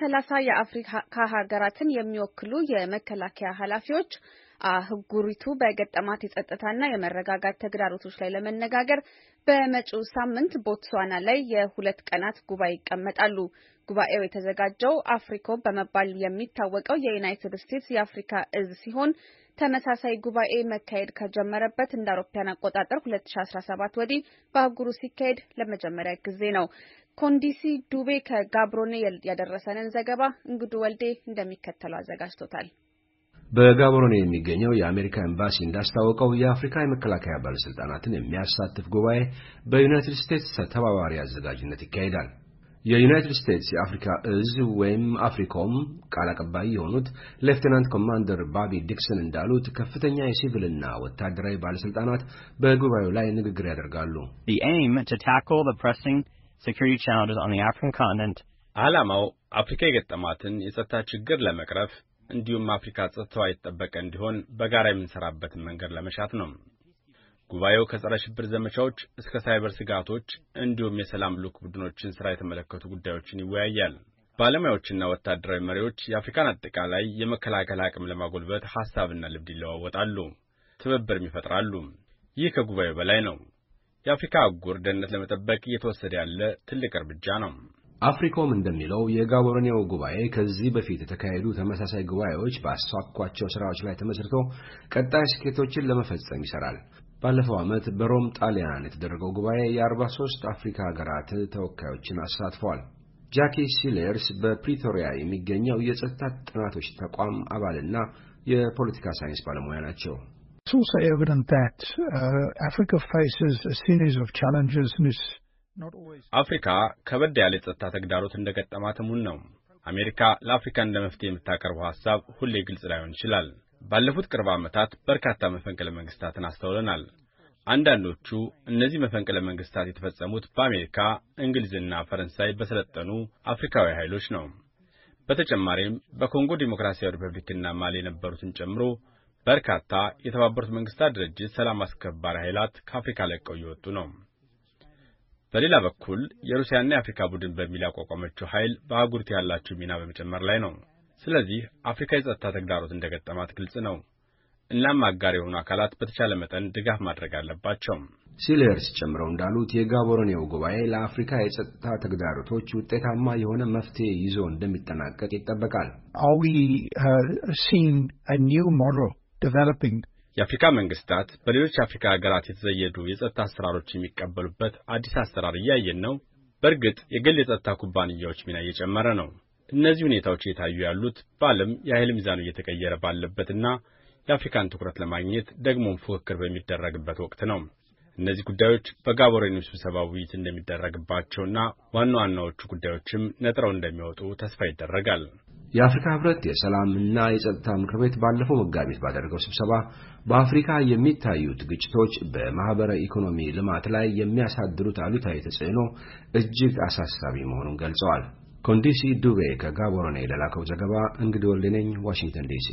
ሰላሳ የአፍሪካ ሀገራትን የሚወክሉ የመከላከያ ኃላፊዎች አህጉሪቱ በገጠማት የጸጥታና የመረጋጋት ተግዳሮቶች ላይ ለመነጋገር በመጪው ሳምንት ቦትስዋና ላይ የሁለት ቀናት ጉባኤ ይቀመጣሉ። ጉባኤው የተዘጋጀው አፍሪኮ በመባል የሚታወቀው የዩናይትድ ስቴትስ የአፍሪካ እዝ ሲሆን ተመሳሳይ ጉባኤ መካሄድ ከጀመረበት እንደ አውሮፓውያን አቆጣጠር 2017 ወዲህ በአህጉሩ ሲካሄድ ለመጀመሪያ ጊዜ ነው። ኮንዲሲ ዱቤ ከጋብሮኔ ያደረሰንን ዘገባ እንግዱ ወልዴ እንደሚከተለው አዘጋጅቶታል። በጋቦሮኔ የሚገኘው የአሜሪካ ኤምባሲ እንዳስታወቀው የአፍሪካ የመከላከያ ባለሥልጣናትን የሚያሳትፍ ጉባኤ በዩናይትድ ስቴትስ ተባባሪ አዘጋጅነት ይካሄዳል። የዩናይትድ ስቴትስ የአፍሪካ እዝ ወይም አፍሪኮም ቃል አቀባይ የሆኑት ሌፍትናንት ኮማንደር ባቢ ዲክሰን እንዳሉት ከፍተኛ የሲቪልና ወታደራዊ ባለሥልጣናት በጉባኤው ላይ ንግግር ያደርጋሉ። ዓላማው አፍሪካ የገጠማትን የጸጥታ ችግር ለመቅረፍ እንዲሁም አፍሪካ ጸጥታዋ የተጠበቀ እንዲሆን በጋራ የምንሰራበትን መንገድ ለመሻት ነው። ጉባኤው ከጸረ ሽብር ዘመቻዎች እስከ ሳይበር ስጋቶች እንዲሁም የሰላም ልዑክ ቡድኖችን ስራ የተመለከቱ ጉዳዮችን ይወያያል። ባለሙያዎችና ወታደራዊ መሪዎች የአፍሪካን አጠቃላይ የመከላከል አቅም ለማጎልበት ሀሳብና ልምድ ይለዋወጣሉ፣ ትብብርም ይፈጥራሉ። ይህ ከጉባኤው በላይ ነው። የአፍሪካ አህጉር ደህንነት ለመጠበቅ እየተወሰደ ያለ ትልቅ እርምጃ ነው። አፍሪኮም እንደሚለው የጋቦሮኒያው ጉባኤ ከዚህ በፊት የተካሄዱ ተመሳሳይ ጉባኤዎች ባሳኳቸው ስራዎች ላይ ተመስርቶ ቀጣይ ስኬቶችን ለመፈጸም ይሰራል። ባለፈው ዓመት በሮም ጣሊያን የተደረገው ጉባኤ የ43 አፍሪካ ሀገራት ተወካዮችን አሳትፏል። ጃኪ ሲሌርስ በፕሪቶሪያ የሚገኘው የጸጥታ ጥናቶች ተቋም አባልና የፖለቲካ ሳይንስ ባለሙያ ናቸው። It's also evident that uh, Africa faces a series of challenges in its አፍሪካ ከበድ ያለ የጸጥታ ተግዳሮት እንደገጠማት እውን ነው። አሜሪካ ለአፍሪካ እንደ መፍትሄ የምታቀርበው ሐሳብ ሁሌ ግልጽ ላይሆን ይችላል። ባለፉት ቅርብ ዓመታት በርካታ መፈንቅለ መንግስታትን አስተውለናል። አንዳንዶቹ እነዚህ መፈንቅለ መንግስታት የተፈጸሙት በአሜሪካ እንግሊዝና ፈረንሳይ በሰለጠኑ አፍሪካዊ ኃይሎች ነው። በተጨማሪም በኮንጎ ዲሞክራሲያዊ ሪፐብሊክና ማሊ የነበሩትን ጨምሮ በርካታ የተባበሩት መንግስታት ድርጅት ሰላም አስከባሪ ኃይላት ከአፍሪካ ለቀው እየወጡ ነው። በሌላ በኩል የሩሲያና የአፍሪካ ቡድን በሚል ያቋቋመችው ኃይል በአህጉሪቱ ያላቸው ሚና በመጨመር ላይ ነው። ስለዚህ አፍሪካ የጸጥታ ተግዳሮት እንደገጠማት ግልጽ ነው። እናም አጋር የሆኑ አካላት በተቻለ መጠን ድጋፍ ማድረግ አለባቸው። ሲልርስ ጨምረው እንዳሉት የጋቦሮኔው ጉባኤ ለአፍሪካ የጸጥታ ተግዳሮቶች ውጤታማ የሆነ መፍትሄ ይዞ እንደሚጠናቀቅ ይጠበቃል። የአፍሪካ መንግስታት በሌሎች የአፍሪካ ሀገራት የተዘየዱ የጸጥታ አሰራሮች የሚቀበሉበት አዲስ አሰራር እያየን ነው። በእርግጥ የግል የጸጥታ ኩባንያዎች ሚና እየጨመረ ነው። እነዚህ ሁኔታዎች እየታዩ ያሉት በዓለም የኃይል ሚዛኑ እየተቀየረ ባለበትና የአፍሪካን ትኩረት ለማግኘት ደግሞም ፉክክር በሚደረግበት ወቅት ነው። እነዚህ ጉዳዮች በጋቦሬኑ ስብሰባ ውይይት እንደሚደረግባቸውና ዋና ዋናዎቹ ጉዳዮችም ነጥረው እንደሚወጡ ተስፋ ይደረጋል። የአፍሪካ ህብረት የሰላምና የጸጥታ ምክር ቤት ባለፈው መጋቢት ባደረገው ስብሰባ በአፍሪካ የሚታዩት ግጭቶች በማኅበረ ኢኮኖሚ ልማት ላይ የሚያሳድሩት አሉታዊ ተጽዕኖ እጅግ አሳሳቢ መሆኑን ገልጸዋል። ኮንዲሲ ዱቤ ከጋቦሮኔ ለላከው ዘገባ እንግዲህ ዋሽንግተን ዲሲ